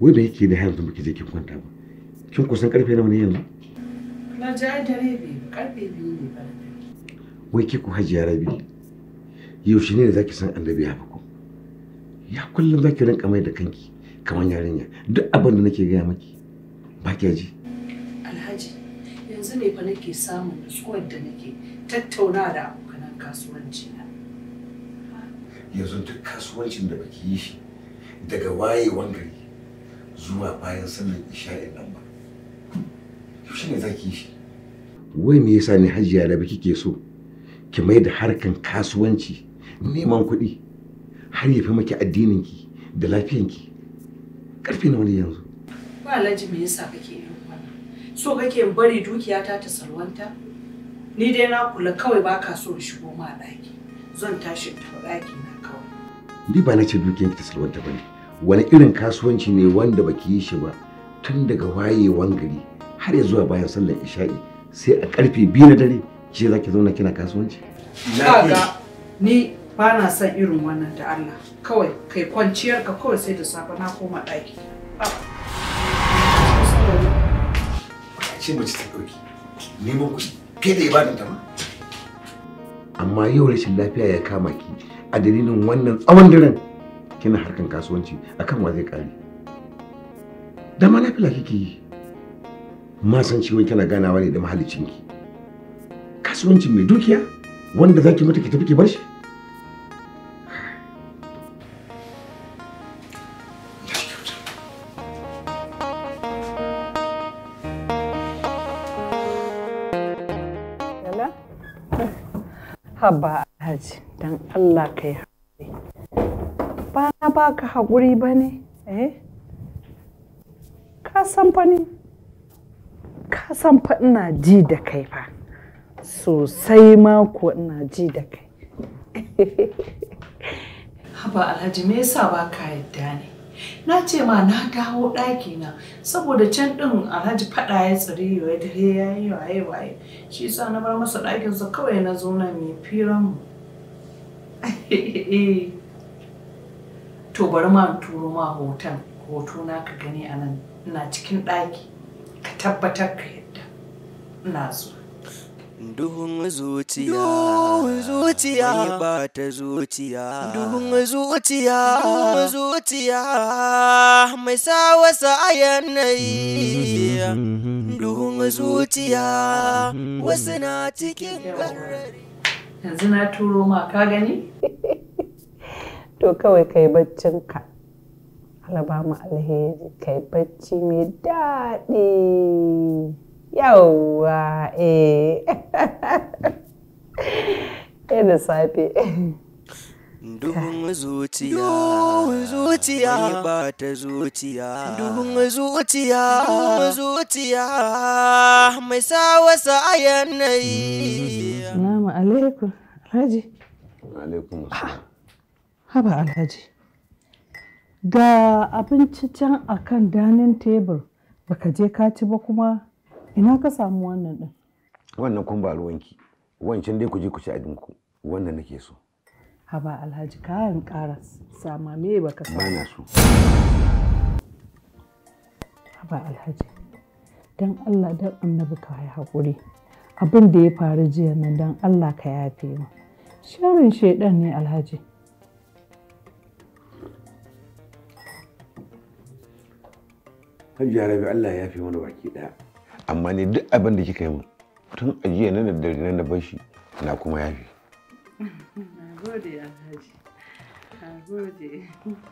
wai bai yake da yanzu muke je kin kwanta ba kin kusan karfe nawa ne yanzu na ja dare biyu karfe biyu ne ba wai ki ku hajiya rabi yaushe ne zaki san annabi ya fako ya kullum zaki rinka mai da kanki kamar yarinya duk abin da nake gaya maki ba ki ji alhaji yanzu ne fa nake samun nutsuwar da nake tattauna da abokanan kasuwanci yanzu duk kasuwancin da baki yi shi daga wayewan gari zuwa bayan sallar isha'i nan ba yaushe ne zaki shi wai me yasa ne hajiya da biki ke so ki mai da harkan kasuwanci neman kuɗi har ya fi maki addininki da lafiyanki karfi na wani yanzu ba alhaji me yasa kake yin wannan so kake bari dukiyata ta salwanta ni dai na kula kawai ba ka so shigo ma ɗaki zan tashi ta ɗaki na kawai ni ba na ce dukiyanki ta salwanta ba ne wani irin kasuwanci ne wanda baki yi shi ba tun daga wayewan gari har ya zuwa bayan sallar isha'i sai a karfe biyu na dare ce za zauna kina kasuwanci? Kaga ni ba na son irin wannan da Allah kawai kai kwanciyar ka kawai sai da safe na koma ɗaki. Ce mace ta ɗauki neman kuɗi fiye da ibadan Amma yau rashin lafiya ya kama ki a dalilin wannan tsawon daren kina harkan kasuwanci akan wa zai kare dama na fila kike yi ma san ciwon kina ganawa ne da ki kasuwanci mai dukiya wanda zaki mata ki tafi ki bar shi Habba Alhaji, don Allah ka yi ba ka haƙuri ba ne eh? ka san fa ni ka san fa ina ji da kai fa sosai ma ko ina ji da kai haba alhaji me yasa ba ka yadda ne na ce ma na dawo ɗaki na saboda can ɗin alhaji faɗa ya tsiri ya dare ya yi waye waye shi sa na bar masa ɗakinsa kawai na zo na mai firan eh. to bari ma turo ma hoton hoto na ka gani a nan ina cikin ɗaki ka tabbatar ka yadda ina so Duhun zuciya, duhun zuciya, ba ta zuciya, duhun zuciya, duhun zuciya, mai sa wasa a yanayi. Duhun zuciya, wasu na cikin ƙarari. Yanzu na turo ma ka gani? to kawai kai baccinka Allah ba mu alheri kai bacci mai daɗi yawwa eh. eh da safe Duhun zuciya, duhun zuciya, ba ta zuciya, duhun zuciya, duhun zuciya, mai sa wasa a yanayi. Salamu alaikum, Alhaji. Alaikum, ah. Assalam. haba alhaji ga abinci can a kan danin tebur baka je ka ci ba kuma ina ka samu wannan din wannan kun ba ruwanki wancan dai ku je ku ci abinku wannan nake so haba alhaji kayan ƙara sama me baka samu bana so haba alhaji dan Allah dan annabi ka yi haƙuri abin da ya faru jiya nan dan Allah ka yafe mu sharin shedan ne alhaji hajji rabi Allah ya fi mana baki daya amma ne duk abin da kika yi min tun ajiya na da dare na da bashi na kuma yafi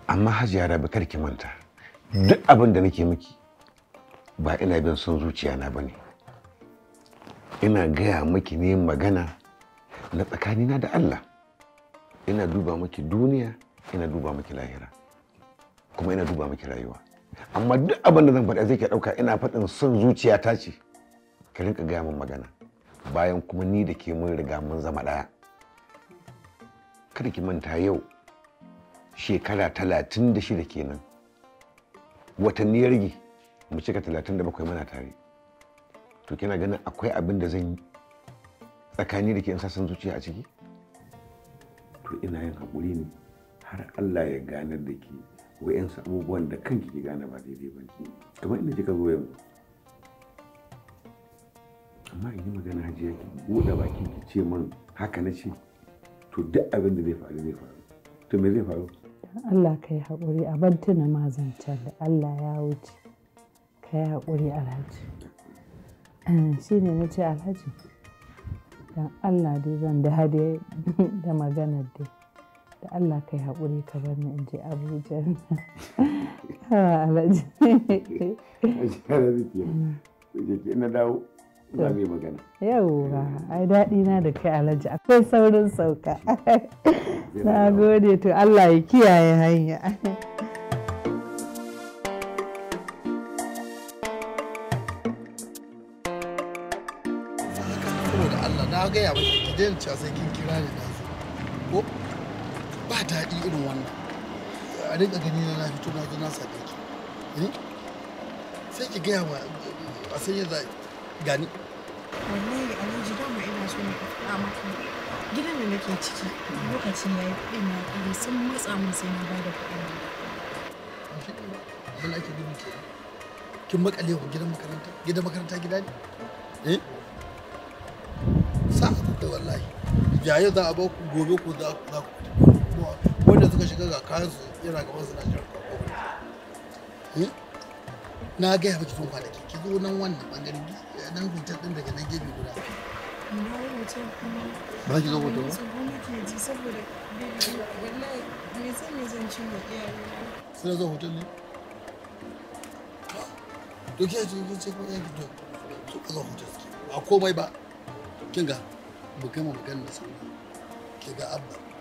amma hajji rabi kar ki manta eh. duk abin da nake miki ba ina bin son zuciya na bane ina gaya miki ne magana na tsakanina da Allah ina duba miki duniya ina duba miki lahira kuma ina duba miki rayuwa amma duk abin da zan faɗa zai ke ɗauka ina faɗin son zuciya ta ce ka rinka gaya min magana bayan kuma ni da ke mun riga mun zama ɗaya kada ki manta yau shekara talatin da shida kenan watanni ya rage mu cika talatin da bakwai mana tare to kina ganin akwai abin da zan yi tsakani da ke in sasan zuciya a ciki to ina yin haƙuri ne har allah ya ganar da ke wa'yansu abubuwan da kanki ke gane ba daidai ba ne kamar inda kika zo yanzu amma in yi magana hajiya ki buɗe bakin ki ce man haka na ce to duk abin da zai faru zai faru to me zai faru Allah ka yi haƙuri a bar tuna mazantar da Allah ya wuce ka yi haƙuri alhaji eh, shi ne na ce alhaji don Allah dai zan da da maganar dai da Allah kai haƙuri ka bar ni in je Abuja Alhaji Alhaji na dawo za mu yi magana yawwa ai daɗi na da kai Alhaji akwai saurin sauka na gode to Allah ya kiyaye hanya na gaya ba ki daina cewa sai kin kira ni na ko ba daɗi irin wannan a rinka gani na fito na na same ki eh? sai ki gaya ma a san yadda gani wallahi alhaji dama ina so ne faɗa maka gidan da nake ciki lokacin da ya yi kuɗin na kuɗi sun matsa min sai na bada kuɗin na abin ake gudu ke kin makale ku gidan makaranta gidan makaranta gida ne eh sa'a da wallahi Ya yau za a ba ku gobe ku za ku wanda suka shiga ga kanzu yana gaban suna na jiran hmm? na gaya miki tun kwanaki ki zo nan wannan bangare nan hotel din daga nan gefe guda ba ki zo hoto ba saboda zo hotel ne to ke ji kin ce ko iyaye ki to ka zo hotel ba komai ba kin ga mu kai mu da sauran ki ga abba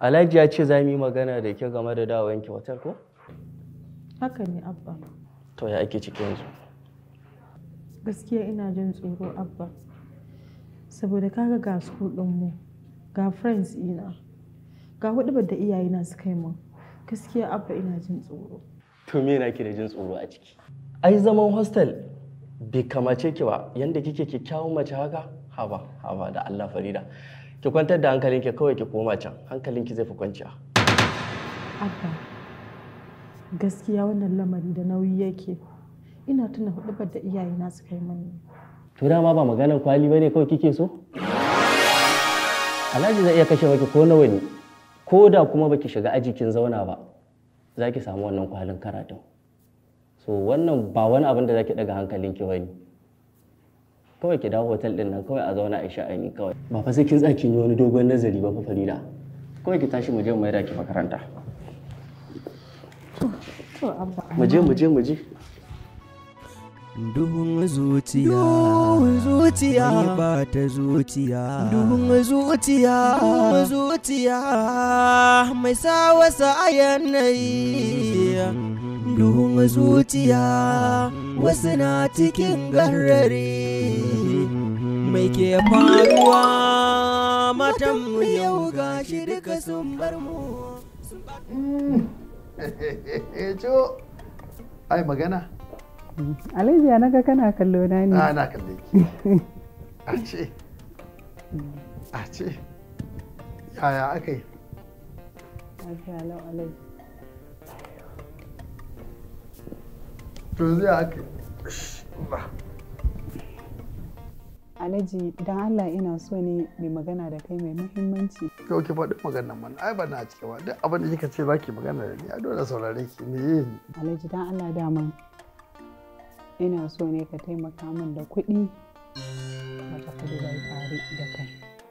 alhaji ya ce za mu yi magana da ke game da dawon kyautar ko haka ne abba to ya ake cikin yanzu gaskiya ina jin tsoro abba saboda kaga ga school mu ga friends ina ga ba da iyayena suka yi mun. gaskiya abba ina jin tsoro to me na da jin tsoro a ciki ai zaman hostel bai kamace ki ba yanda kike kyakkyawan mace haka haba haba da Allah Farida ki kwantar da hankalinki kawai ki koma can hankalinki zai fi kwanciya abba gaskiya wannan lamari da nauyi yake ina tuna hudubar da iyayena suka yi mani to dama ba maganar kwali bane kawai kike so alhaji zai iya kashe maki ko nawa ne ko da kuma baki shiga aji kin zauna ba za ki samu wannan kwalin karatu. so wannan ba wani abin da za ki daga hankalinki bane kawai ki dawo hotel din nan kawai a zauna a sha'ani kawai ba fa sai kin tsaya kin yi wani dogon nazari ba fa farida kawai ki tashi mu je mu ki makaranta mu je mu je mu je Duhun zuciya, duhun zuciya, ba ta zuciya, duhun zuciya, duhun zuciya, mai sa wasa ayyana yi. Mm. duhun zuciya wasu na cikin garare mai ke faruwa matan mu yau gashi duka sun bar mu eh, ai magana alhaji ya naga kana kallo na ne ana ah, kalle ki a ce a ce yaya aka yi to zai aka Alhaji don Allah ina so ne mai magana da kai mai muhimmanci. Kyau ki faɗin maganar mana ai ba na cike ba abin da kika ce za ki magana da ni a dole saurare ki ne. Alhaji don Allah dama ina so ne ka taimaka min da kuɗi ka kudu Dubai tare da kai.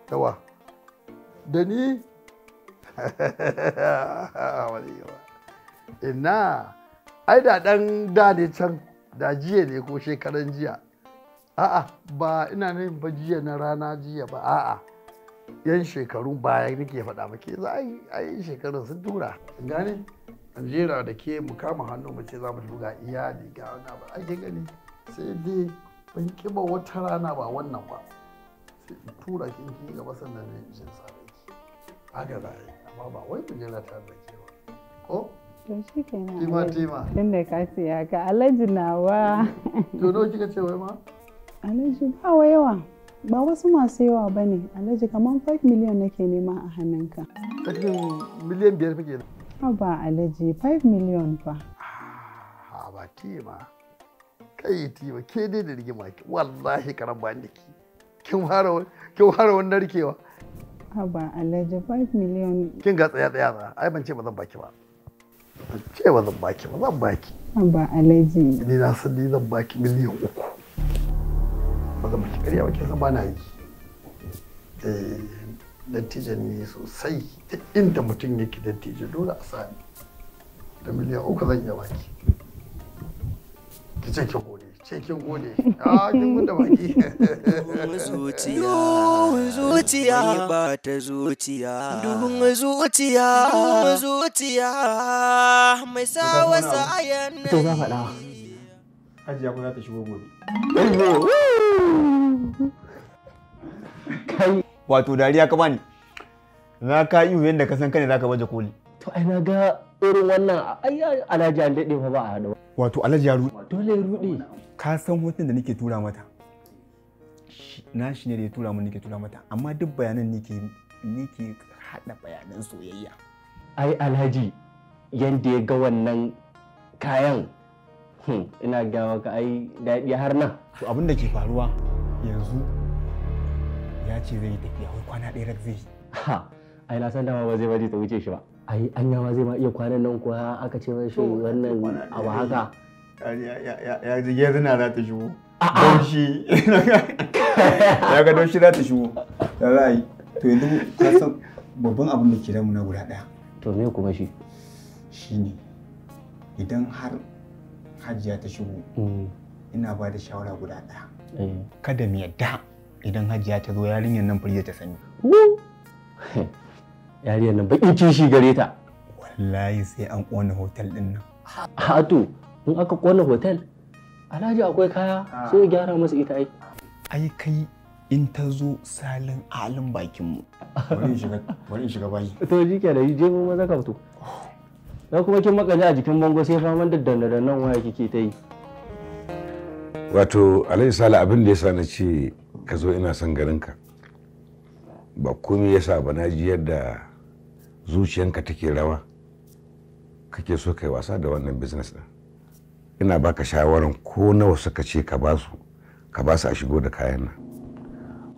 Yawa da ni? Ina. ai da ɗan da ne can da jiya ne ko shekaran jiya a'a ba ina nan ba jiya na rana jiya ba a'a yan shekaru baya nake faɗa ba za a yi shekarun sun tura gane jera da ke mu kama hannu mu ce za mu buga iyali ga wani abu ake gani sai dai ban kiba wata rana ba wannan ba sai in tura ga gaba sannan ne jin sa haka a amma ba wai mu jira ta da ke ko to shi kenan tima tima eh, tunda ka to nawa kika ce wai ma alhaji ba wa yawa ba wasu masu yawa ba ne alhaji kamar 5 miliyan nake nema a hannunka ƙarfin miliyan biyar fake na ba alhaji 5 miliyan ba. ha ba tima kai tima ke dai da rigima wallahi karan ba ki kin fara kin fara wannan narkewa ha ba alhaji 5 miliyan kin ga tsaya tsaya ai ban ce ba zan baki ba ban ce ba zan baki ba zan baki ba alaji ni na san ni zan baki miliyan uku ba zan baki ƙarya ba ke san ba yi eh dattijan ne sosai duk inda mutum yake dattijo dole a sani da miliyan uku zan iya baki ki ce ki gode kin gode a ah, kin gode baki zuciya zuciya ba ta zuciya duhun zuciya zuciya mai sa to wato dariya ka bani na ka yi yadda ka san kane za ka baje koli to ai na ga irin wannan ai alhaji an daɗe fa ba a haɗu wato alhaji ya rudi dole rudi ka san hotun da nake tura mata na shi ne da ya tura mun nake tura mata amma duk bayanan nake nake haɗa bayanan soyayya ai alhaji yanda ya ga wannan kayan hmm, ina ga maka ai daɗi har nan to abin da ke faruwa yanzu ya ce zai tafiya wai kwana ɗaya zai ha ai na san dama ba zai baje ta wuce shi ba ai anya ma zai ma iya kwanan nan kuwa aka ce mai shi wannan abu haka ya ji ya zina za ta shigo shi. ya ga don shi za ta shigo da za a yi to yanzu ka san babban abin da ke damu na guda daya to me kuma shi ne idan har hajiya ta shigo mm. ina ba da shawara guda daya eh. kada mu yadda idan hajiya ta zo yarinyar nan furje ta sani yariyar nan bakin kishi gare ta wallahi sai an kona hotel din nan a to in aka kona hotel alhaji akwai kaya sai ya gyara masa ita ai ai kai in ta zo salin alin bakin mu bari in shiga bayi to ji ke da je mu maza ka fito Na kuma kin makale a jikin bango sai faman daddana da nan waya kike ta yi wato alhaji sala abin da yasa na ce ka zo ina son garinka ba komai yasa ba na ji yadda zuciyanka take rawa kake so kai wasa da wannan business din ina baka shawarar ko nawa suka ce ka ba su ka ba su a shigo da kayan nan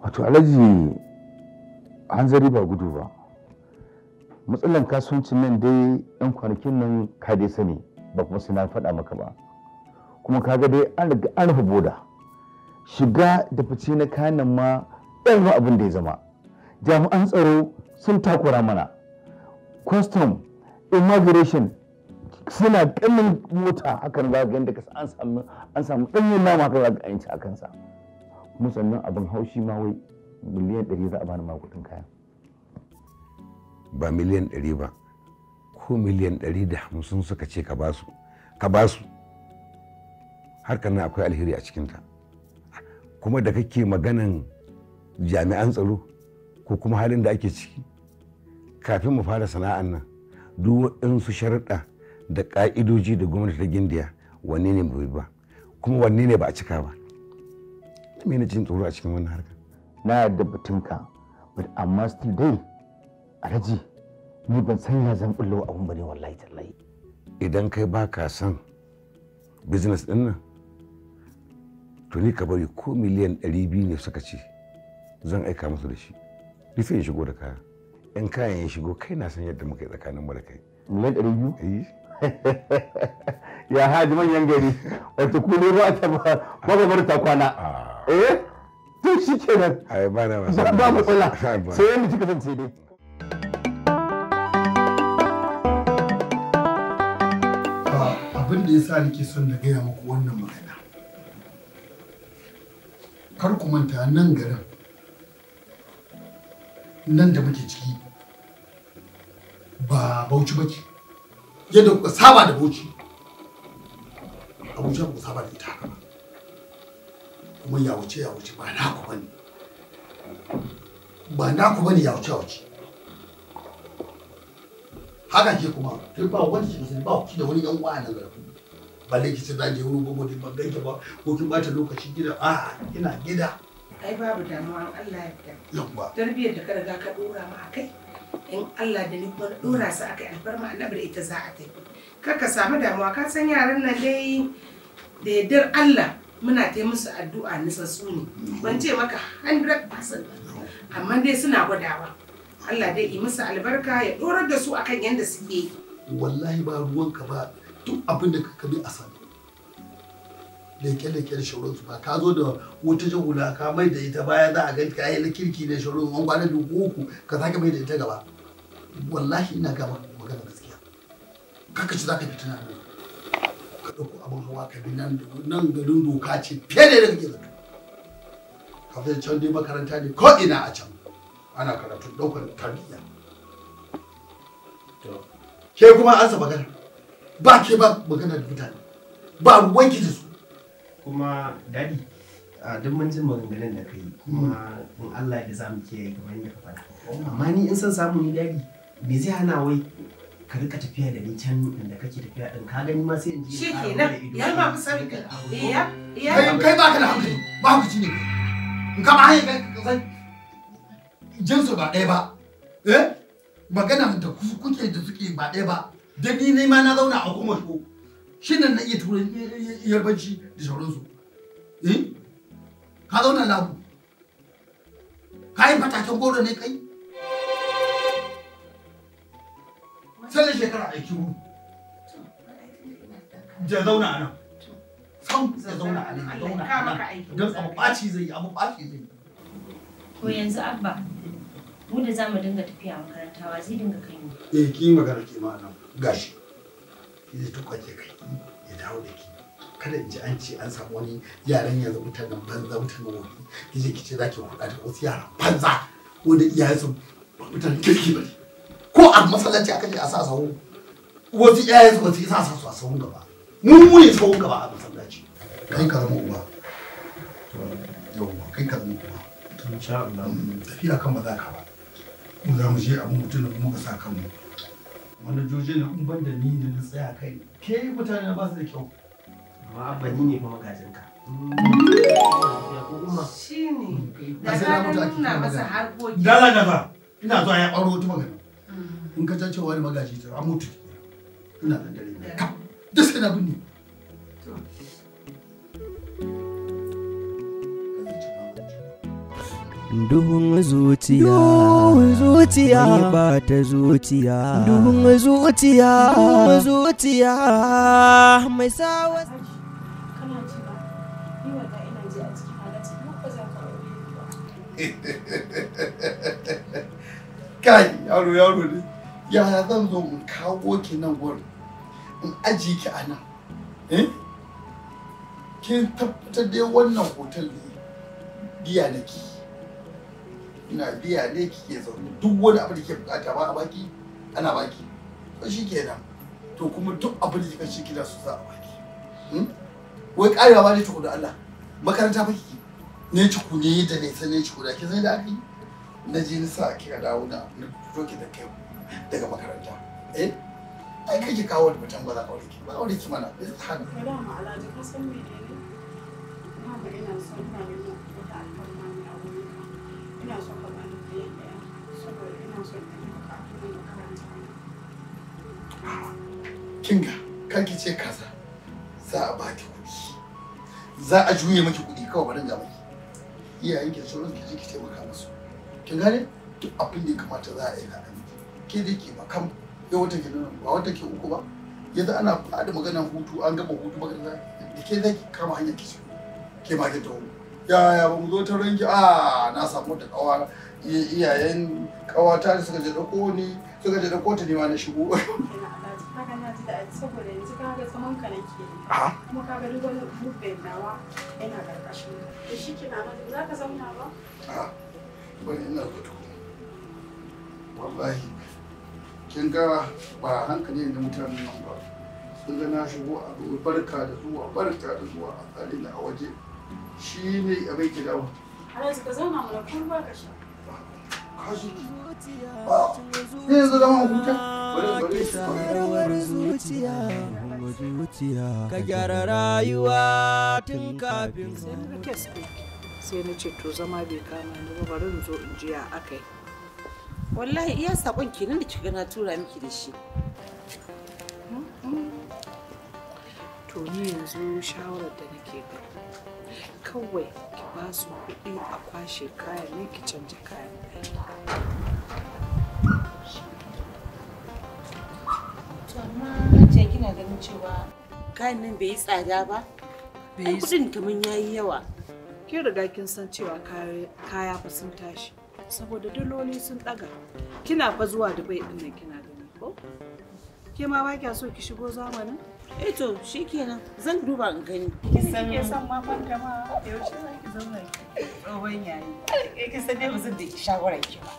wato alhaji hanzari ba gudu ba matsalan kasuwancin nan dai yan kwanakin nan ka dai sani ba kuma sai na faɗa maka ba kuma kaga dai an riga an rufe boda shiga da fice na kayan nan ma ɗan abin da ya zama jami'an tsaro sun takura mana custom immigration suna kanin mota hakan za ka yadda ka an samu ɗanyen nama ka za ka yanci a kansa kuma sannan abin haushi ma wai miliyan ɗari za a bani makudin kayan ba miliyan ɗari ba ko miliyan ɗari da hamsin suka ce ka ba ka harkar nan akwai alheri a cikinta kuma da kake maganan jami'an tsaro ko kuma halin da ake ciki kafin mu fara sana'an nan duk waɗansu sharuɗa da ƙa'idoji da gwamnati ta gindiya wanne ne bai ba kuma wanne ne ba a cika ba me na jin tsoro a cikin wannan harka na yarda batunka but amma still dai raji ni ban san ya zan bullo abun bane wallahi tallahi idan kai ba ka san business din nan to ni ka bari ko miliyan 200 ne suka ce zan aika musu da shi rufe shigo da kaya in kayan ya shigo kai na san yadda muka yi tsakaninmu da kai miliyan ɗari biyu eh. ya haji manyan gari wata kuni ba ta ba ba ta kwana ah. eh to shi nan. ai ba na ba mu matsala sai yanda kika san dai ah, abin da yasa nake son na gaya muku wannan magana kar ku manta nan garin nan da muke ciki ba bauchi bace yadda kuka saba da bauchi abuja ku saba da ita haka kuma ya wuce ya wuce ba naku bane ba naku bane ya wuce ya wuce haka ke kuma duk ba wani shi ba ku da wani yan uwa nan garin balle ki sai zanje wurin gogo ne ban ganke ba ko kin bata lokaci gida a ina gida ai babu damuwa Allah ya yarda yawwa tarbiyar da ka riga ka dora ma kai in Allah da ni kuma dora su aka alfarma annabi ita za a tafi kaka samu damuwa ka san yaran nan dai da yardar Allah muna ta musu addu'a su ne ban ce maka 100% amma dai suna gwadawa Allah dai yi musu albarka ya dorar da su akan yanda suke wallahi ba ruwanka ba duk abin da ka kabi a sami leke-leke da shauransu ba ka zo da wata jahula ka mai da ita baya za a gani ka yi na kirki na shauransu an kwana dubu uku ka sake mai da ita gaba wallahi ina gaba magana gaskiya kaka ci za ka fitina ne ka ɗauko abin hawa ka bi nan garin doka ce fiye da yadda kake zato ka fi can dai makaranta ne ko ina a can ana karatu ɗaukar tarbiyya ke kuma an sa magana ba ke ba magana da mutane ba wanki da su kuma dadi a duk mun ji maganganun da kai kuma in Allah ya za mu kiyaye kamar yadda ka faɗa amma ni in san samu ni dadi me zai hana wai ka rika tafiya da ni can inda kake tafiya din ka gani ma sai in ji shi nan ya ma ku sani ka iya eh, iya kai ba ka da hankali ba ku ci ne in ka ba hanyar kai ka san jinsu ba ɗaya ba eh magana da kuke da suke ba ɗaya ba dan ni ne ma na zauna a hukumar ko shi nan na iya tura yarbanci da sauransu eh? ka zauna labu ka yi fataken goro ne kai sai da shekara aiki wuri da zauna a nan sam da zauna a nan zauna a nan don abu ɓaci zai yi abu ɓaci zai yi to yanzu abba mu da za mu dinga tafiya makaranta wa zai dinga kai mu eh ki magana ke ma nan gashi zai ta kwaje kai ya dawo da ki kada in ji an ce an samu wani yaran yanzu mutanen banza mutanen wani ki je ki ce za ki kuɗa da wasu yaran banza wanda iyayen su mutanen kirki ba ko a masallaci aka ce a sa sahu wasu iyayen su wasu su sa su a sahun gaba mun muni sahun gaba a masallaci kai ka zama uba yawwa kai ka zama uba insha Allah hmm, tafiya kan ba za ka ba mu za mu je abun mutum da muka sa kanmu manajojin in ban da ni da na tsaya kai ke mutane ba su da kyau amma abba ni ne kuma magajin ka shi ne mm. da ka nuna masa harkoki dala da ba ina zuwa ya ɓaro wata magana mm. in ka ta cewa wani magaji ta mutu mm. ina da dare ka duk sai na binne duhun zuciya duhun zuciya ba ta zuciya duhun zuciya duhun zuciya mai sawa kai yaro yaro ne yaya zan zo in kawo ki nan wurin in aji ki a nan eh kin tabbatar da wannan hotel ne biya nake ina biya ne kike zaune duk wani abu da ke bukata ba a baki ana baki to shi kenan to kuma duk abu da kika ce su za a baki hmm? wai karewa ba ne ta kudu Allah makaranta ba kike ne ci ku ne da ne sai ne ci ku da ke sai da aka na je ni sa kika dawo na to fito ki da kai daga makaranta eh ai kai kawo da mutan ba za ka aure ki ba aure ki mana ba ta hannu. ba ma alaji ka san me ne? Na ba ina son ba ina son ka bani ɗaya ɗaya saboda ina son ka yi buƙatu na makaranta kinga kar ki ce kaza za a ba ki kuɗi za a juye miki kuɗi kawai barin ga miki iyayen ki sauran ki je ki taimaka musu kin gane duk abin da ya kamata za a yi ka ke da ke makam ya wata ke nan ba wata ke uku ba yanzu ana faɗi maganar hutu an gama hutu makaranta da ke zai kama hanyar ki ke ma ki tawo yaya ba mu zo ta ranki a na samu ta kawa iyayen kawata da suka je dauko ni suka je dauko ta ne ma na shigo saboda yanzu ka zaman kuma ka ga yana za ka zauna ba bane ina wallahi kin ga ba hankali da mutanen nan ba sun ga na shigo a barka da zuwa barka da zuwa a tsari a waje shi ne a bai ka zama a huta ka gyara rayuwa tun kafin to zama bai kama ni ba bari in zo in ji ya akai wallahi iya sakon kenan da kika na tura miki da shi hmm? Hmm? to ni yanzu shawarar da nake kawai ki ba su kuɗi a kwashe kayan ne ki canja kayan kayan nan bai yi tsada ba? Ai kuɗin kamar ya yi yawa. Kin riga kin san cewa kaya fa sun tashi saboda daloli sun ɗaga. Kina fa zuwa Dubai ɗin nan kina gani ko? Ke ma ba kya so ki shigo zamanin? eh to kenan zan duba in gani ki san ke san ma kwanta ma shi zan ki zauna ki tsohon yayi eh ki san dai ba zan da ki shawara ki ba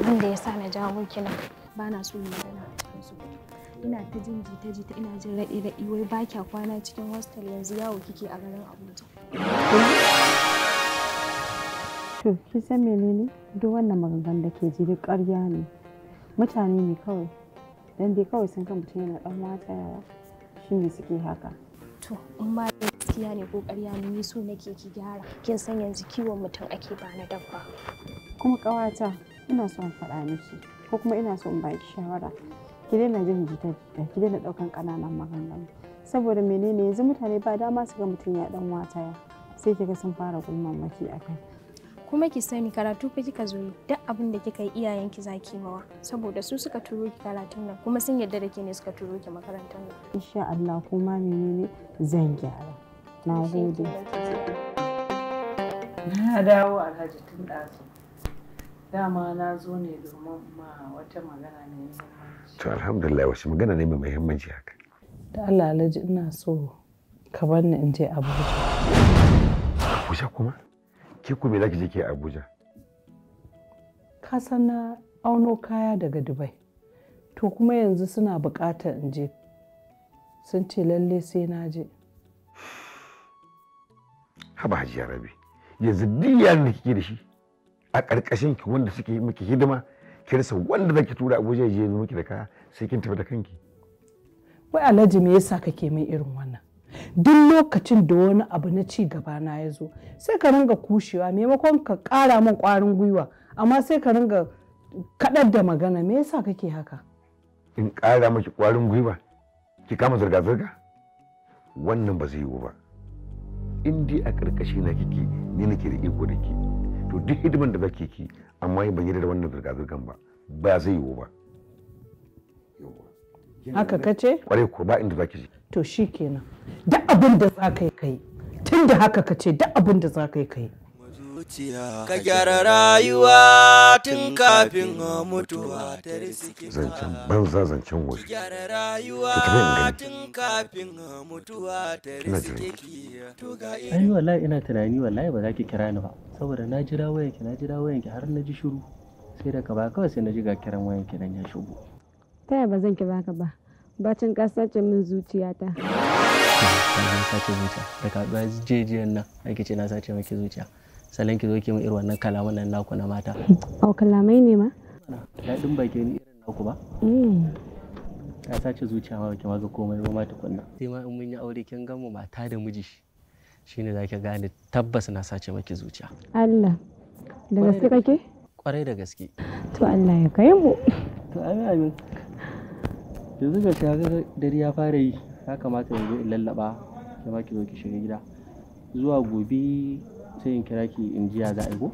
abin da ya sa na jawo kina ba na so yi ina ta jin jita jita ina jin raɗi raɗi wai ba kya kwana cikin hostel yanzu yawo kike a garin Abuja. To kin san menene duk wannan maganganun da ke ji duk ƙarya ne mutane ne kawai dan dai kawai sun kan mutum yana dan mata yara shi ne suke haka. To in ma gaskiya ne ko ƙarya ne ni so nake ki gyara kin san yanzu kiwon mutum ake ba na dabba. Kuma ƙawata ina so in faɗa miki ko kuma ina so in baki shawara ki daina jin jita-jita ki daina ɗaukan kananan maganganu saboda menene yanzu mutane ba dama su ga mutum ya wata ya sai kiga sun fara gulman maki a kuma ki sani karatu fa kika zo duk abin da kika yi ki zaki mawa saboda su suka turo ki karatun nan kuma sun yarda da ke ne suka turo ki makarantar nan insha Allah kuma menene zan gyara na gode na dawo alhaji tun ɗazu dama na zo ne domin ma wata magana ne to alhamdulillah wasu magana ne mai muhimmanci haka da Allah alaji ina so ka bar ni in je Abuja Abuja kuma ke kuma me ke je ke Abuja ka san na auno kaya daga Dubai to kuma yanzu suna bukatar in je sun ce lalle sai na je haba hajiya rabi yanzu duk yaran da kike da shi a ƙarƙashin ki wanda suke miki hidima kirsa wanda zaki tura abuja guje je miki da kaya sai kin tafi da kanki wai alhaji me yasa kake min irin wannan duk lokacin da wani abu na ci gaba na ya zo sai ka ringa kushewa maimakon ka ƙara min ƙwarin gwiwa amma sai ka ringa kaɗar da magana me yasa kake haka in ƙara miki ƙwarin gwiwa ki kama zirga-zirga wannan ba zai yiwu ba in dai a ƙarƙashi na kike ni nake da iko da ke to duk hidiman da kake ki amma ban yi da wannan zirga-zirgan ba ba zai yiwu ba haka ka ce? kwarai ko ba inda zaki ji to shi kenan duk abin da za ka yi kai tun da haka ka ce duk abin da za ka yi kai ka gyara rayuwa tun kafin mutuwa ta riski zancen banza zancen wasu ka gyara rayuwa tun kafin mutuwa ta riski ai wallahi ina tunani wallahi ba za ki kira ni ba saboda na jira wayanki na jira wayanki har na ji shiru sai da daga ba kawai sai na ji ga kiran wayanki nan ya shigo ta yaya ba zan ki baka ba bacin ka ce min zuciyata na sace zuciya daga ba jejiyar nan ake ce na sace maki zuciya salon ki zo ki mu irin wannan kalaman nan naku na mata au oh, kalamai ne ma daɗin baki ni irin naku ba mm. ta sace zuciya ma baki ma ga komai ba ma tukunna sai ma in mun yi aure kin mu mata da miji shine zaki gane tabbas na sace maki zuciya Allah da gaske kake kwarai da gaske to Allah ya kai mu to amin amin yanzu ga shaga dare ya fara yi ya kamata yanzu in lallaba da ma ki zo ki shiga gida zuwa gobe sai in kira ki in jiya za a go.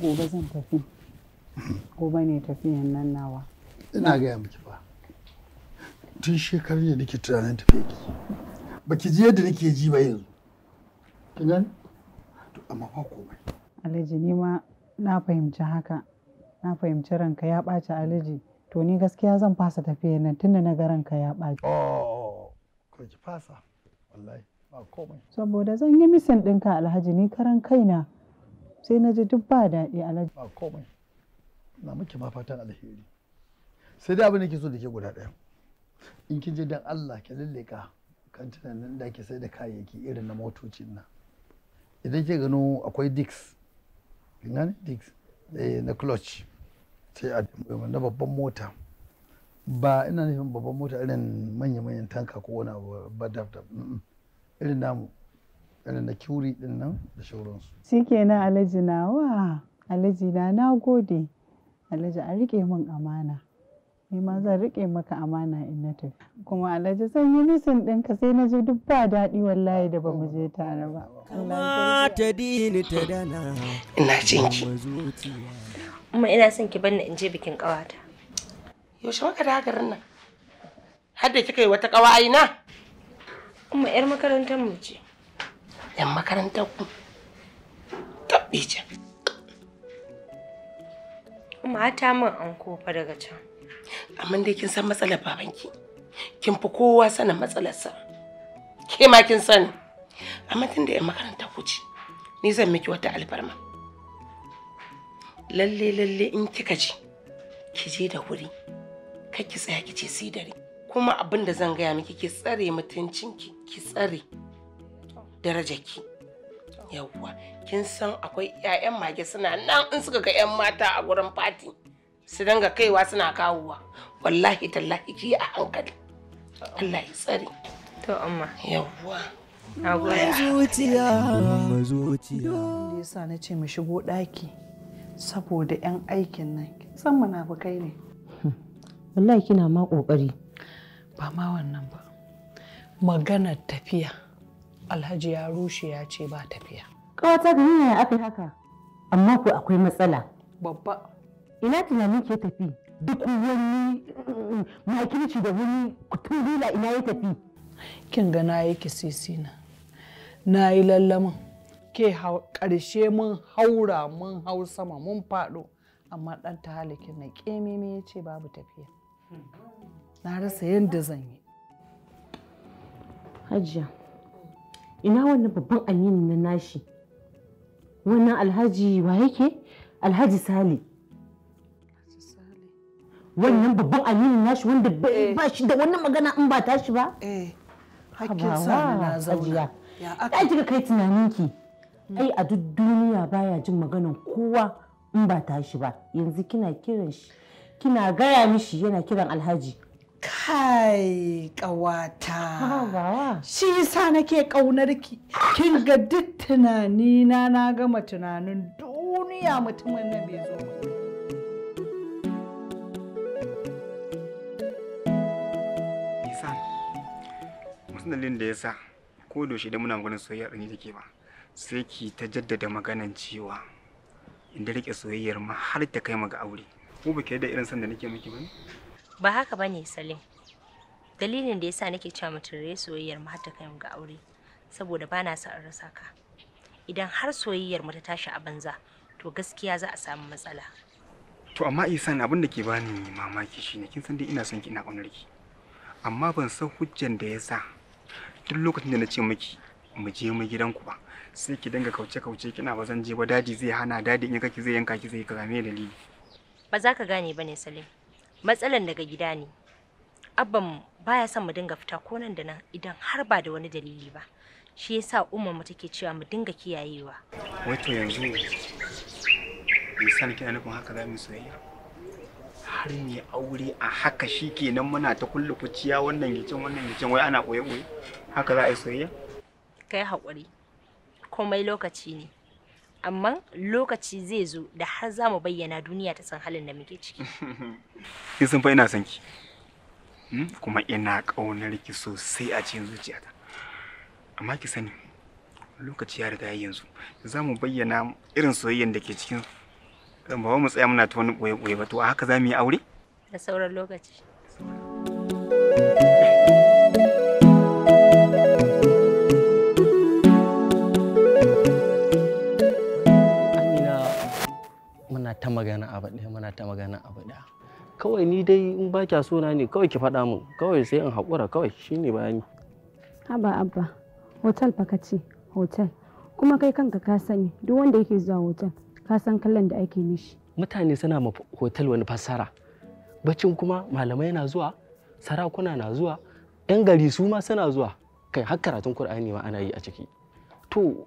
gobe zan tafi gobe ne tafiyan nan nawa ina gaya miki ba tun shekaru ne nake tunanin tafiya ki ba ki ji yadda nake ji ba yanzu kin gani to amma ba komai alhaji ni ma na fahimci haka na fahimci ranka ya ɓaci alaji to ni gaskiya zan fasa tafiya na tunda na ga ranka ya ɓaci oh, oh, oh. ki saboda zan yi misin ɗinka alhaji ni karan kaina sai na ji duk ba daɗi alhaji ba komai na miki ma fatan alheri sai dai abin da ke so da ke guda ɗaya in kin je dan Allah ki lalleka kan tunanin da ke sai da kayayyaki irin na motocin na idan ke gano akwai dix ina ne eh, na clutch sai a na babban mota ba ina nufin babban mota irin manya-manyan tanka ko wani abu ba dab-dab irin namu irin na kyuri din nan da shauransu shikenan alhaji na wa alhaji na na gode alhaji a rike min amana ni ma zan rike maka amana in na tafi kuma alhaji zan yi nisan ɗinka sai na je duk ba daɗi wallahi da ba mu je tare ba dini ta dana ina jinki Amma ina son ki banna in je bikin ƙawata. Yaushe maka da garin nan? Har da kika yi wata ƙawa aina? Amma 'yar makarantar mu ce. 'Yan makarantar ku? Tabbi ce. Amma ta min an kofa daga can. Amma dai kin san matsalar babanki. Kin fi kowa sanin matsalarsa. Ke ma kin sani. Amma tun da 'yan makarantar ku ce, ni zan miki wata alfarma. lalle lalle in kika ci ki je da wuri kar ki tsaya ki ce sai dare kuma abin da zan gaya miki ki tsare mutuncinki ki tsare ki yawwa kin san akwai 'ya'yan mage suna nan in suka ga 'yan mata a gurin fati su danga kaiwa suna kawowa wallahi tallahi ki a hankali Allah ya tsare to amma yawwa zuciya zuciya yasa na ce mu shigo ɗaki saboda 'yan aikin nan san munafukai ne hmm. wallahi kina ma kokari ba ma wannan ba maganar tafiya alhaji ya rushe ya ce ba tafiya ƙawata ga ya aka haka amma ku akwai matsala babba ina tunanin ke tafi duk wani mm, makirci da wani kutun ina ya tafi kin ga na yi kisisi na na yi lallaman ke ƙarshe mun haura mun hau sama mun faɗo amma ɗan ta halikin na ƙememe ya ce babu tafiya na rasa yadda zan yi hajiya ina wannan babban aminin na nashi wannan alhaji wa yake alhaji sale wannan babban aminin nashi wanda eh. ba shi da wannan magana in ba tashi ba eh hakkin sa na zauna ya aka kai tunaninki ai a duk duniya baya jin maganan kowa in ba tashi ba yanzu kina kiran shi kina gaya mishi yana kiran alhaji kai ƙawata shi yasa nake ƙaunar ki kin ga duk tunani na na gama tunanin duniya mutumin nan bai zo ba da ya ko da shi da muna maganin soyayya ɗanyi take ba. sai ki ta jaddada maganan cewa in da rike soyayyar ma har ta kai ga aure ko ba ki da irin san da nake miki bane ba haka bane Salim dalilin da yasa nake cewa mutum rike soyayyar ma har ta kai ga aure saboda ba na son rasa ka idan har soyayyar mu ta tashi a banza to gaskiya za a samu matsala to amma Isan abin da ke bani mamaki shine kin san dai ina son ki ina ki amma ban san hujjan da yasa duk lokacin da na ce miki mu je mu gidanku ba sai ki dinga kauce-kauce kina ba zan je ba dadi zai hana dadi in kake zai yanka ki zai ka game dalili ba za ka gane bane Salim matsalan daga gida ne abban baya son mu dinga fita ko nan da nan idan har ba da wani dalili ba shi yasa umman mu take cewa mu dinga kiyayewa wato yanzu misali kina nufin haka za mu soyayya har me aure a haka shi kenan muna ta kulle kuciya wannan gicin wannan gicin wai ana koye-koye haka za a yi soyayya kai haƙuri komai lokaci ne amma lokaci zai zo da har za mu bayyana duniya ta san halin da muke ciki ki sun ina son ki hmm? kuma ina ƙaunar ki sosai a cikin zuciyata amma ki sani lokaci ya riga yanzu za mu bayyana irin soyayyar da ke cikin ba mu tsaya muna ta wani ɓoye-ɓoye ba to a haka za mu yi aure da sauran lokaci thank you ta magana abu ɗaya muna ta magana abu ɗaya kawai ni dai in ba kya so na ne kawai ki faɗa min kawai sai in haƙura kawai shine bayani haba abba hotel fa ce hotel kuma kai kanka ka sani duk wanda yake zuwa hotel ka san kallon da ake mishi mutane suna ma hotel wani fassara bacin kuma malamai na zuwa sarakuna na zuwa yan gari su ma suna zuwa kai har karatun qur'ani ma ana yi a ciki to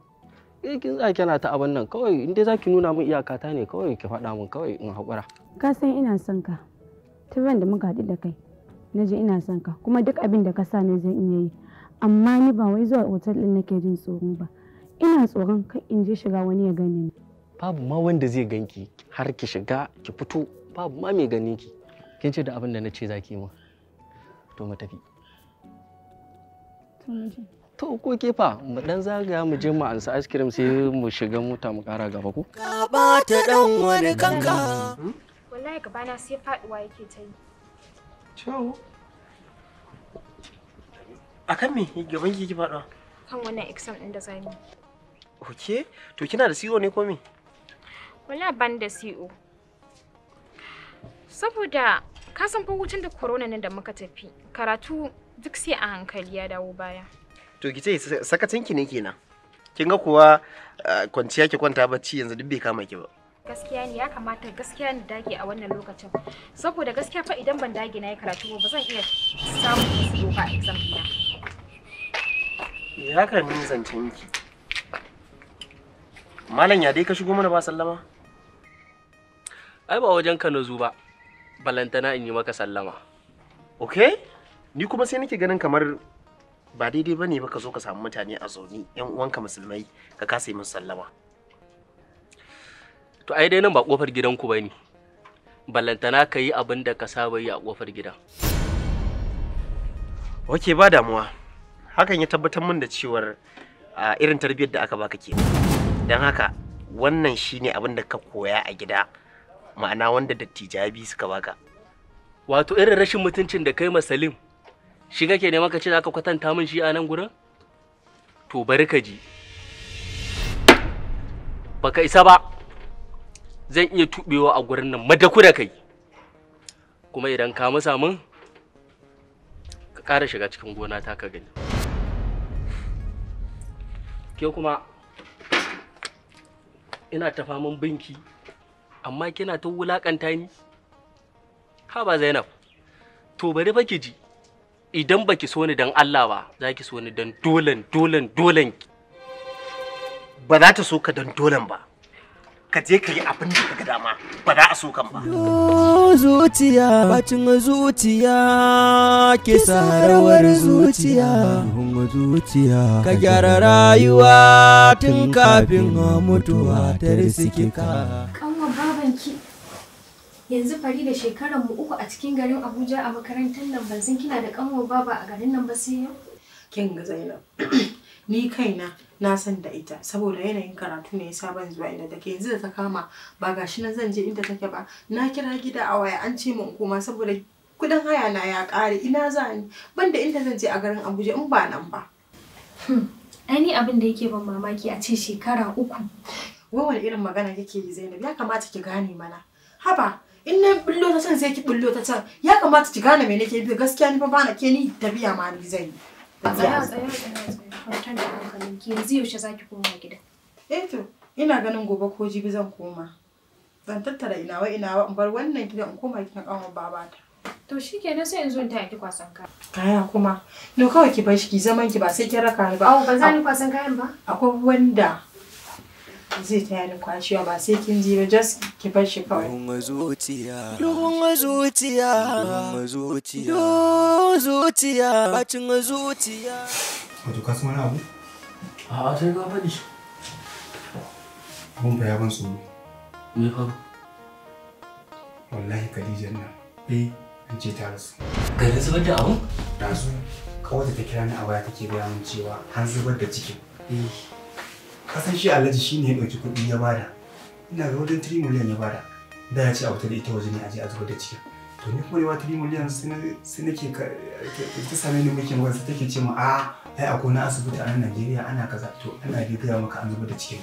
eh kin tsaya kina ta abin nan kawai in dai za ki nuna min iyakata ne kawai ki faɗa min kawai in haƙura ka san ina son ka tun da muka haɗu da kai na je ina son ka kuma duk abin da ka sa ne zan iya yi amma ni ba wai zuwa otal ɗin nake jin tsoro ba ina tsoron kai in je shiga wani ya gane ni babu ma wanda zai ganki har ki shiga ki fito babu ma mai gani ki kin ce da abin da na ce zaki mu to mu tafi to mu je to ko kefa mu dan zagaya mu je mu ansa ice cream sai mu shiga mota mu kara gaba ku ka bata dan wani kanka hmm? wallahi gaba na sai faduwa yake ta yi ciao akan me gaban ki ki faduwa kan wannan exam din da mu oke to kina da CEO ne ko me wallahi ban da CEO saboda ka san fa hutun da corona nan da muka tafi karatu duk sai a hankali ya dawo baya to ki ce sakacin ki ne kenan kin ga kuwa kwanciya ki kwanta bacci yanzu duk bai kama ki ba gaskiya ne ya kamata gaskiya ne dage a wannan lokacin saboda gaskiya fa idan ban dage na yi karatu ba zan iya samun su doka a exam ɗina ya ka ni zancen ki malam ya dai ka shigo mana ba sallama ai ba wajen ka nazo ba balantana in yi maka sallama okay ni kuma sai nake ganin kamar ba daidai ba ne baka ka zo ka samu mutane a zaune yan uwanka musulmai ka kasa yi sallama to ai dai nan ba kofar gidanku ba ne ballantana ka yi abin da ka saba yi a kofar gidan Wake ba damuwa hakan ya tabbatar min da cewar a irin tarbiyyar da aka baka ke Dan haka wannan shine abin da ka koya a gida ma'ana wanda dattijabi suka baka wato irin rashin mutuncin da kai masalim shi kake nema ka ce za kwatanta min shi a nan gurin to bari ka ji baka isa ba zan iya tuɓewa a gurin nan madaku da kai kuma idan ka musa min ka ƙara shiga cikin gona ta ka gani ke kuma ina ta faman binki amma kina ta wulakanta ni ha ba zainab to bari fa ki ji idan baki so ni dan Allah ba za ki so ni dan dolan dolan dolan ba za ta so ka dan dolan ba ka je ka yi abin da kaga dama ba za a so kan ba zuciya bacin zuciya ke sarawar zuciya zuciya ka gyara rayuwa tun kafin mutuwa ta risike ka yanzu fari da shekaran mu uku a cikin garin Abuja a makarantar nan ban kina da kanwa baba a garin nan ba sai yau. Kin ga Zainab. Ni kaina na san da ita saboda yanayin karatu ne yasa ban zuwa inda take yanzu da ta kama ba gashi na zan je inda take ba na kira gida a waya an ce min koma saboda kudin haya na ya kare ina za ni banda inda zan je a garin Abuja in ba nan ba. Hmm, ani abin da yake ban mamaki a ce shekara uku. Wawan wani irin magana kike yi Zainab ya kamata ki gane mana. Haba in na bullo ta can sai ki bullo ta can ya kamata ki gane me nake gaskiya ni fa ba ke ni tafiya ma ni zan yi tsaya tsaya tsaya yanzu yaushe ki koma gida eh to ina ganin gobe ko jibi zan koma zan tattara inawa inawa in bar wannan gidan in koma gidan kanwar babata to shikenan sai in zo in taya ki kwasan kaya kaya kuma no kawai ki bar shi ki zaman ki ba sai ki raka ni ba ba za ni kwasan kayan ba akwai wanda zai taya da kwashewa ba sai kin ji ba just ki bar shi kawai ruwan zuciya ruwan zuciya ruwan zuciya ruwan zuciya bacin zuciya wato ka suma wani abu a sai ka faɗi abun fa ya ban tsoro me faru. wallahi Khadijan nan eh an ce ta rasu garin zubar da abun da su kawai da ta kira ni a baya take gaya min cewa an zubar da cikin eh kasan shi alhaji shi ne ya ɗauki kuɗi ya bada ina ga wajen 3 miliyan ya bada da ya ce a wuta da ita waje ne a je a zubar da cikin to ni kuma yawa 3 miliyan sai nake ta same ni muke magana sai take ce ma a ah, ai akwai na asibiti a nan Najeriya ana kaza to ana dai gaya maka an zubar da cikin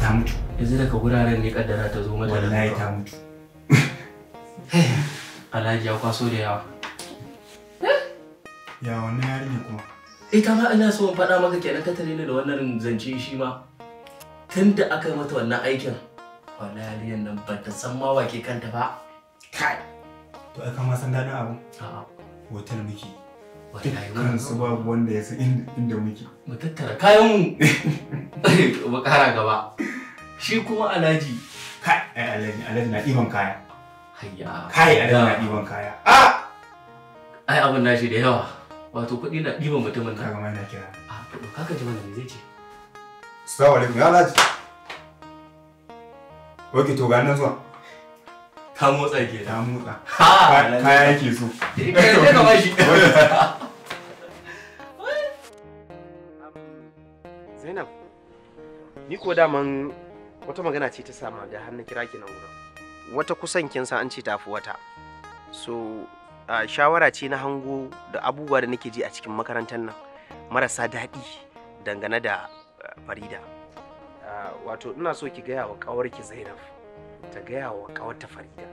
ta mutu yanzu daga wuraren ne kaddara ta zo mata wallahi ta mutu alhaji ya kwaso da yawa ya wannan yarinya kuma ita eh, ma ina so in faɗa maka kenan ka tare ni da wannan zance shi ma tun da aka yi mata wannan aikin wala yariyar nan ba ta san ma wake kanta ba kai to ai kama san daɗin abu a'a hotel muke dukkan su babu wanda ya san inda muke mu tattara kayan mu ba kara gaba shi kuma alhaji kai alhaji alhaji na ɗiban kaya hayya kai alhaji na ɗiban kaya a ah! ai abun nashi da yawa wato kuɗi na ɗiban mutumin nan kaga mai na kira a ah, to kaka ji mana me zai ce Assalamu alaikum ya Alhaji. Oke to ga nan zuwa. Ka motsa ke ta motsa. Ha kaya yake so. Eh, Kai ka bashi. Zainab ni ko daman wata magana ce ta sama ga hannun kira ki nan wurin. Wata kusan kin san an ce tafi wata. So uh, shawara ce na hango da abubuwa da nake ji a cikin makarantar nan marasa daɗi dangane da farida ah, wato ina so ki gaya wa ƙawarki zainab ta gaya wa ƙawarta farida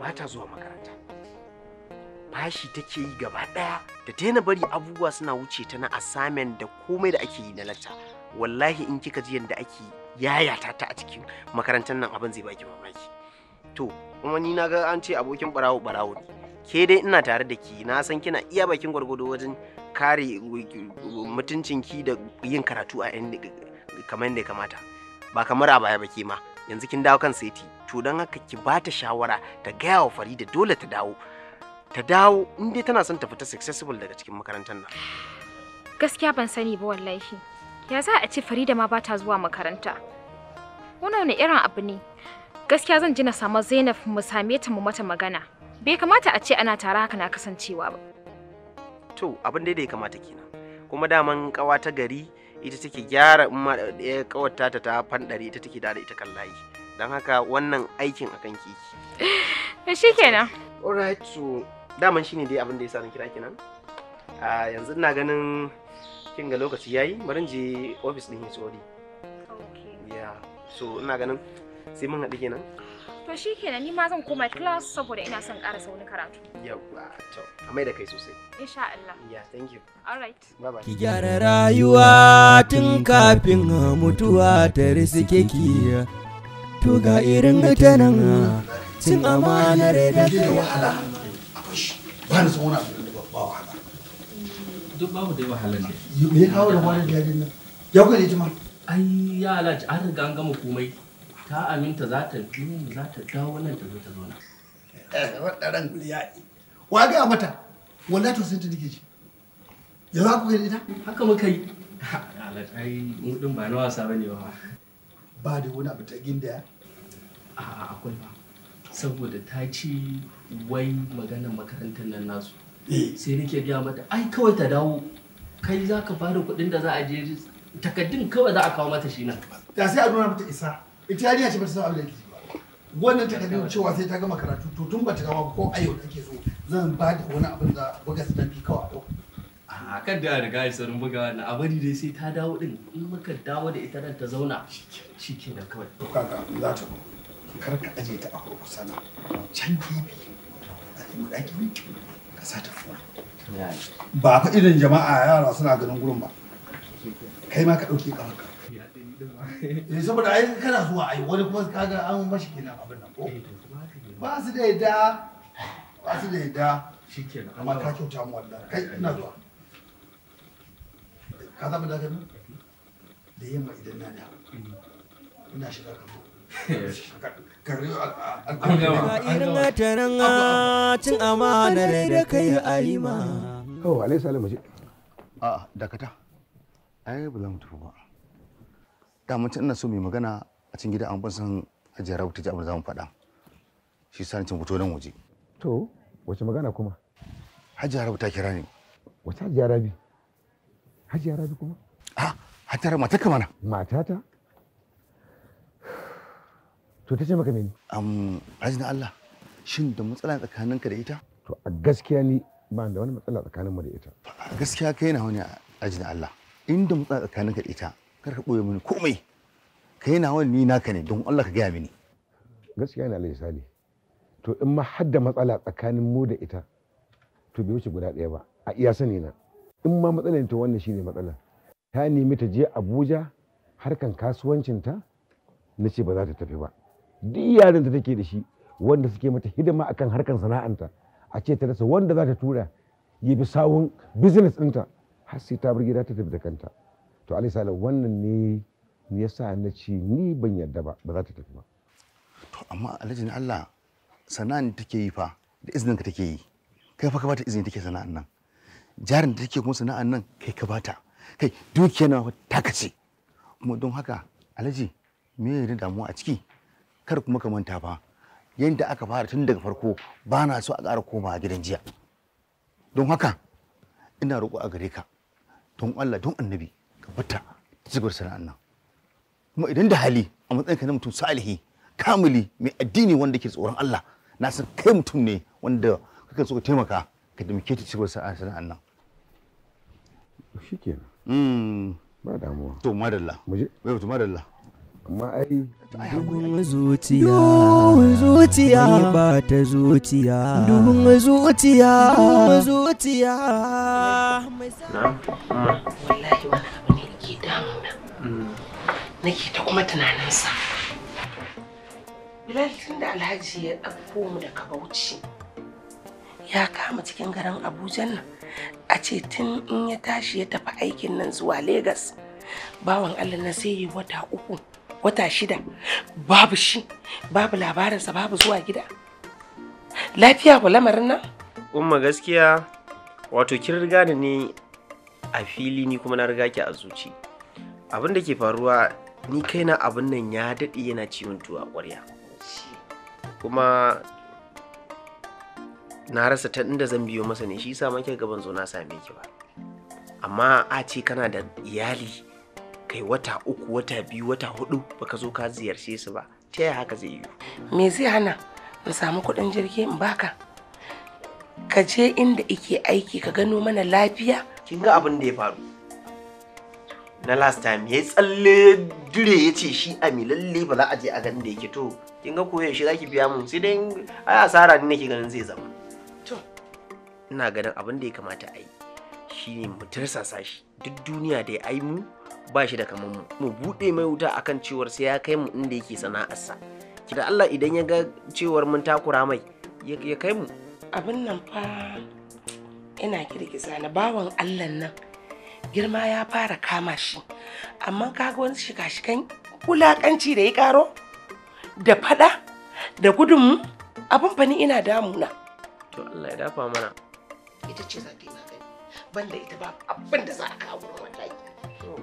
ba ta zuwa makaranta bashi take yi gaba ɗaya da daina bari abubuwa suna wuce ta na assignment da komai da ake yi na latta wallahi in kika ji yadda ake yaya ta a cikin makarantar nan abin zai baki mamaki to kuma ni na ga an ce abokin barawo barawo ne ke dai ina tare da ki na san kina iya bakin gwargwado wajen kare mutuncinki da yin karatu a yan kamar da ya kamata ba kamar a baya ba ke ma yanzu kin dawo kan saiti to don haka ki ba ta shawara ta gaya wa farida dole ta dawo ta dawo in dai tana son ta fita successful daga cikin makarantar nan gaskiya ban sani ba wallahi ya za a ce farida ma ba ta zuwa makaranta wannan wani irin abu ne gaskiya zan ji na samu zainab mu same ta mu mata magana bai kamata a ce ana tare haka na kasancewa ba to abin da ya kamata kenan kuma daman kawa ta gari ita take gyara in ma ɗaya kawarta ta ta fandare ita take da ita kan layi don haka wannan aikin akan kiki shi kenan alright so daman shine dai abin da ya sa na kira kenan a yanzu ina ganin kin ga lokaci yayi bari je office din ya tsori yeah so ina ganin sai mun haɗu kenan To shi kenan ni ma zan koma class saboda ina son ƙara saurin karatu. Yawwa, to, a mai da kai sosai. Insha Allah. Yeah, thank you. All right. Bye bye. Ki gyara rayuwa tun kafin mutuwa ta riske ki. To ga irin ta nan cin amanar da ke wahala. Ba ni son wani abu da ba wahala. Duk babu da wahalar ne. Me ya kawo da wahalar da ya nan? Ya kuka ne jima? Ai, ya alaji an riga an gama komai. ta aminta za ta biyu za ta dawo nan ta zo ta zauna. Eh, Waɗaran guliyaɗi. Wa gaya mata, wallahi to sun ta nake ji. Ya za ku gani ita? Haka muka yi. Ai, mudin ba na wasa ba ne ba. Ba da wani abu ta gindaya? A'a akwai ba. Saboda ta ci wai maganar makarantar nan nasu. Eh. Sai nake gaya mata, ai kawai ta dawo. Kai za ka bada kuɗin da za a je takaddun kawai za a kawo mata shi nan. Ta sai a nuna mata isa. italiya ce ba ta san abin da ke ji ba wannan takardun cewa sai ta gama karatu to tun ba ta gama ko a yau take so zan ba da wani abin da buga su tafi kawai a a kan da riga ya sanin buga wannan a bari dai sai ta dawo din in muka dawo da ita nan ta zauna cikin ke nan kawai to kaga za ta kar ka aje ta a kurkusa na can gefe a cikin ɗakin ka sa ta fura ba fa irin jama'a yara suna ganin gurin ba kai ma ka ɗauke ƙafarka eh saboda ai kana zuwa ai wani kuma kaga an mashi kenan abin nan ko ba su da yadda ba su da yadda shikenan amma ka kyauta mu wallahi kai ina zuwa ka zama da kan da yamma idan na da ina shiga ka zo Irin taron cin amanar da kai alima. Oh, Alayhi Salamu ce. A'a, dakata. Ai, ba za mu tafi ba. daman ina so mai magana a cikin gida an ban san ajiyar rabu ta ji abin da zamu faɗa shi sa cin fito nan waje to wace magana kuma hajiya rabu ta kira ni wace hajiya rabi hajiya rabi kuma a hajiya mata ka mana matata to ta ce maka mene hajji ajin Allah shin da matsala tsakaninka da ita to a gaskiya ni ba da wani matsala tsakaninmu da ita gaskiya kai na wani ajin Allah inda matsala tsakaninka da ita kar ka ɓoye mini komai ka yi nawa ni naka ne don Allah ka gaya mini gaskiya na alhaji sali to in ma har da matsala tsakanin mu da ita to bai wuce guda ɗaya ba a iya sani na in ma matsalar ta wannan shine matsalar ta nemi ta je Abuja harkan kasuwancinta na ce ba za ta tafi ba duk yaran ta take da shi wanda suke mata hidima akan harkan sana'anta a ce ta rasa wanda za ta tura ya bi sawun business ɗinta har sai ta bar gida ta tafi da kanta to alai sala wannan ne ya sa na ci ni ban yarda ba ba za ta tafi ba to amma alhaji Allah sana'an take yi fa da izinin ka take yi kai fa ka bata izini take sana'an nan jarin da take kuma sana'an nan kai ka bata kai dukiya na taka ce kuma don haka alhaji me ne damuwa a ciki kar kuma ka manta fa yanda aka fara tun daga farko ba na so a ƙara koma a gidan jiya don haka ina roƙo a gare ka don Allah don annabi ka zubar sana'an nan kuma idan da hali a matsayinka na mutum salihi kamili mai addini wanda ke tsoron Allah na san kai mutum ne wanda kake so ka taimaka ka taimake ta cikin sana'an nan shikenan hmm. ba damuwa to madalla muje to madalla amma ai dubin zuciya ba ta zuciya dubin zuciya zuciya wallahi damuna nake ta kuma tunaninsa bilal tun da alhaji ya ɗauko mu daga bauchi ya kama cikin garin abuja nan a ce tun in ya tashi ya tafi aikin nan zuwa Legas. bawan allah na sai yi wata uku wata shida babu shi babu labarinsa babu zuwa gida lafiya ku lamarin nan umma gaskiya wato kin riga ni a fili ni kuma na riga ki a zuci abin da ke faruwa ni kaina abin nan ya daɗe yana ciwon tuwa ƙwarya kuma na rasa ta inda zan biyo masa ne shi sa make gaban zo na same ki ba amma a ce kana da iyali kai wata uku wata biyu wata hudu baka zo ka ziyarce su ba ta yaya haka zai yi me zai hana mu samu kuɗin jirgi in baka ka je inda ike aiki ka gano mana lafiya kin ga abin da ya faru na last time ya tsalle dure ya ce shi a mi lalle ba za a je a ganin da yake to kin ga koyo shi zaki biya mun sai dai ai asara ne nake ganin zai zama to ina ganin abin da ya kamata a yi shine mu tirsasa shi duk duniya da ya ai mu ba shi da kaman mu mu bude mai wuta akan cewar sai ya kai mu inda yake sana'arsa da Allah idan ya ga cewar mun takura mai ya kai mu abin nan fa ina kirkisa na bawan Allah nan girma ya fara kama shi amma kaga wani shiga-shigan wulakanci da ya karo da fada da gudunmu abun fa ni ina damuna to Allah ya dafa mana ita ce za ta yi magani banda ita ba abin da za a kawo wallahi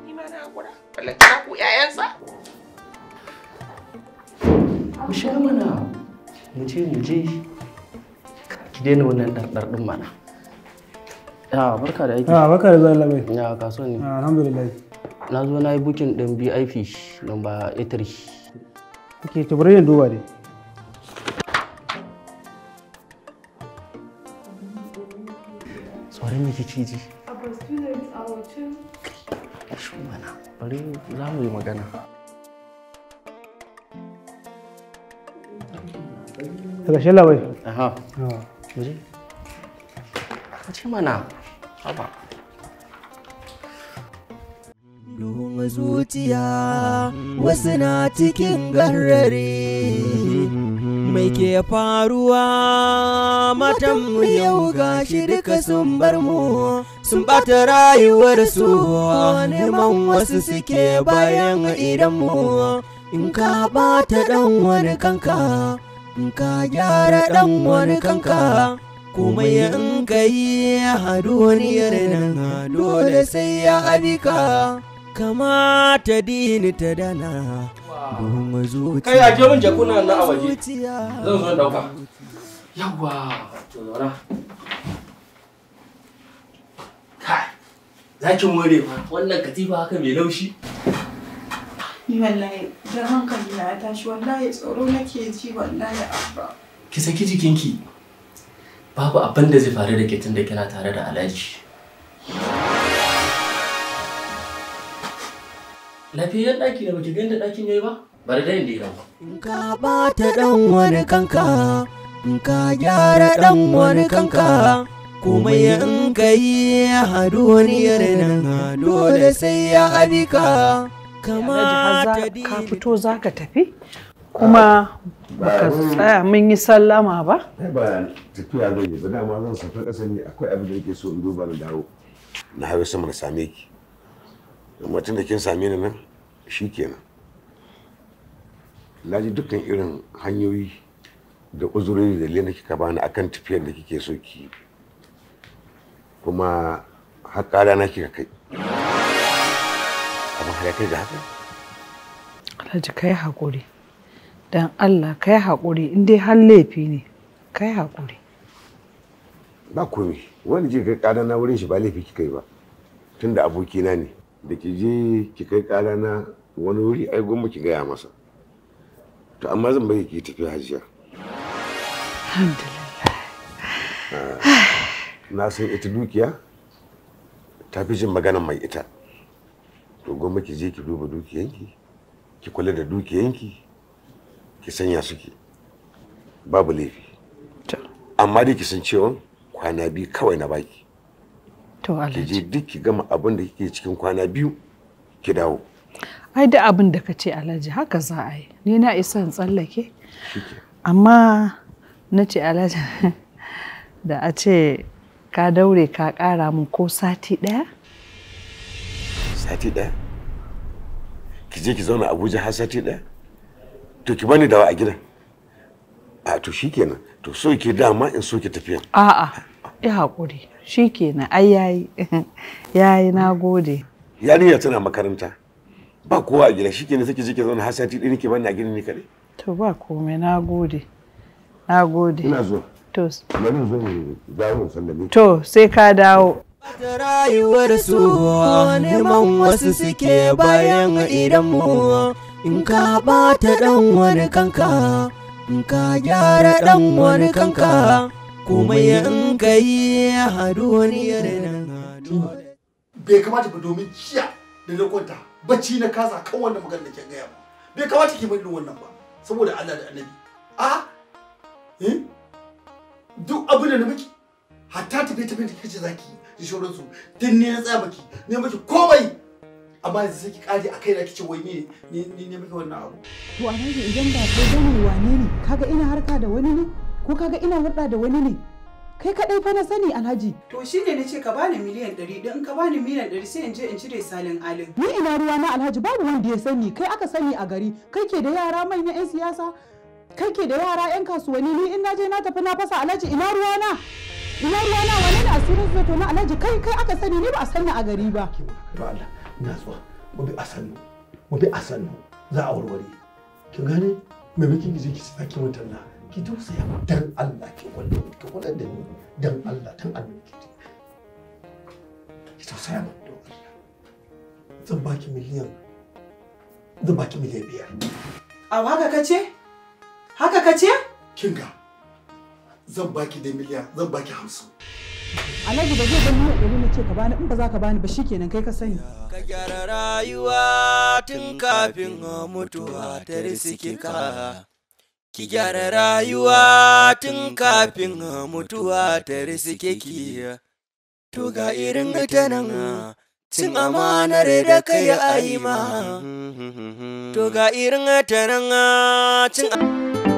ni ma na hakura wallahi ta ku yayansa mu shiga mana mu je mu je ki daina wannan ɗarɗar mana Ah, barka da aiki. Ah, barka da zuwa labai. Ya kaso ne. alhamdulillah. Na zo na yi bukin din BIP number 83. Okay, to bari in duba dai. Tsoron me ciji. Bari za mu yi magana. Daga shi labai. Aha. Ah. ka ce mana duhun zuciya wasu na cikin garare mai ke faruwa matan yau gashi duka sun bar mu sun bata rayuwarsu neman wasu suke bayan idanmu in ka bata dan wani kanka in ka gyara dan wani kanka kuma in ka yi a duniyar dole sai ya abika kama ta dini ta dana domin zuciya kai a min jakuna na a waje zan zo dauka yawa to zaura kai zakin more ma wannan katifa haka mai laushi wallahi da hankali na ya tashi wallahi tsoro nake ji wallahi abba ki saki jikinki babu abin da zai faru da ke tunda da kina tare da alhaji lafiyar ɗaki da baki ganda ɗakin yayi ba bari dai inda ba. ka ta dan wani kanka ka gyara dan wani kanka komai in ka yi wani yare nan dole sai ya abika kamata ka fito za ka tafi kuma baka tsaya mun yi sallama ba ba tafiya zai yi ba ma zan safa ƙasa ne akwai abin da yake so in duba na dawo na hawe sama na same ki amma da kin same ni nan shikenan na ji dukkan irin hanyoyi da uzurori da lena kika bani akan tafiyar da kike so ki kuma har ƙara na kika kai amma har ya kai da haka alhaji kai hakuri. dan Allah kai haƙuri in dai har laifi ne kai haƙuri ba komai wani je kai ƙara na wurin shi ba laifi kika yi ba tunda abokina ne da ki je ki kai ƙara na wani wuri ai gwamma ki gaya masa to amma zan bari ki tafi hajiya na san ita dukiya ta fi jin maganar mai ita to gwamma ki je ki duba dukiyanki ki kula da dukiyanki ki sanya suke babu laifi amma dai ki san cewa kwana biyu kawai na baki to Allah duk ki gama abin da kike cikin kwana biyu ki dawo ai da abin da kace Alhaji haka za a yi ni na isa in tsallake amma na ce Alhaji da a ce ka daure ka kara mu ko sati daya sati daya ki je ki zauna Abuja har sati daya to ki bani dawa a gidan a to shikenan to so ki dama in so ki tafiya a'a ya hakuri shikenan ai yayi yayi nagode ya tana makaranta ba kowa a gida shikenan sai ki je zauna hasati din ki bani a gidan ni kaɗai to ba komai nagode nagode ina zo to bari zo mu dawo sallame to sai ka dawo Ta rayuwar su neman wasu suke bayan idanmu in ka bata ɗan wani kanka in ka gyara ɗan wani kanka komai in ka yi a duniyar nan bai kamata ba domin jiya da na kwanta bacci na kasa kan wannan magana da ke gaya ba bai kamata ki mai wannan ba saboda Allah da annabi a ah, eh? duk abin da na miki hatta tafi tafi da kace zaki da shauransu din ne ya tsaya baki ne miki komai amma yanzu sai ki kare akai da kice wai ne ne ne miki wannan abu to amma ne idan ba ko gane wane ne kaga ina harka da wani ne ko kaga ina hurɗa da wani ne kai kadai fa na sani alhaji to shine na ce ka bani miliyan 100 din ka bani miliyan 100 sai in je in cire salin alin ni ina ruwa na alhaji babu wanda ya sani kai aka sani a gari kai ke da yara manya yan siyasa kai ke da yara yan kasuwanni ni in naje na tafi na fasa alhaji ina ruwa na ina ruwa na wani asirin zai to alhaji kai kai aka sani ne ba a sanna a gari ba ba Allah ina zuwa mu bi a sannu mu za a warware ki gane ki je ki ki tausaya dan Allah ki wallo da ni zan baki miliyan biyar haka ce? haka kinga zan baki da miliya zan baki hamsin. Alhaji ba zai zama miliyan ɗari na ce ka bani in ba za ka bani ba shikenan kai ka sani. Ka gyara rayuwa tun kafin mutuwa ta risike ka. Ki gyara rayuwa tun kafin mutuwa ta risike ki. To ga irin ta nan cin amanar da kai a yi ma. To ga irin ta nan cin amanar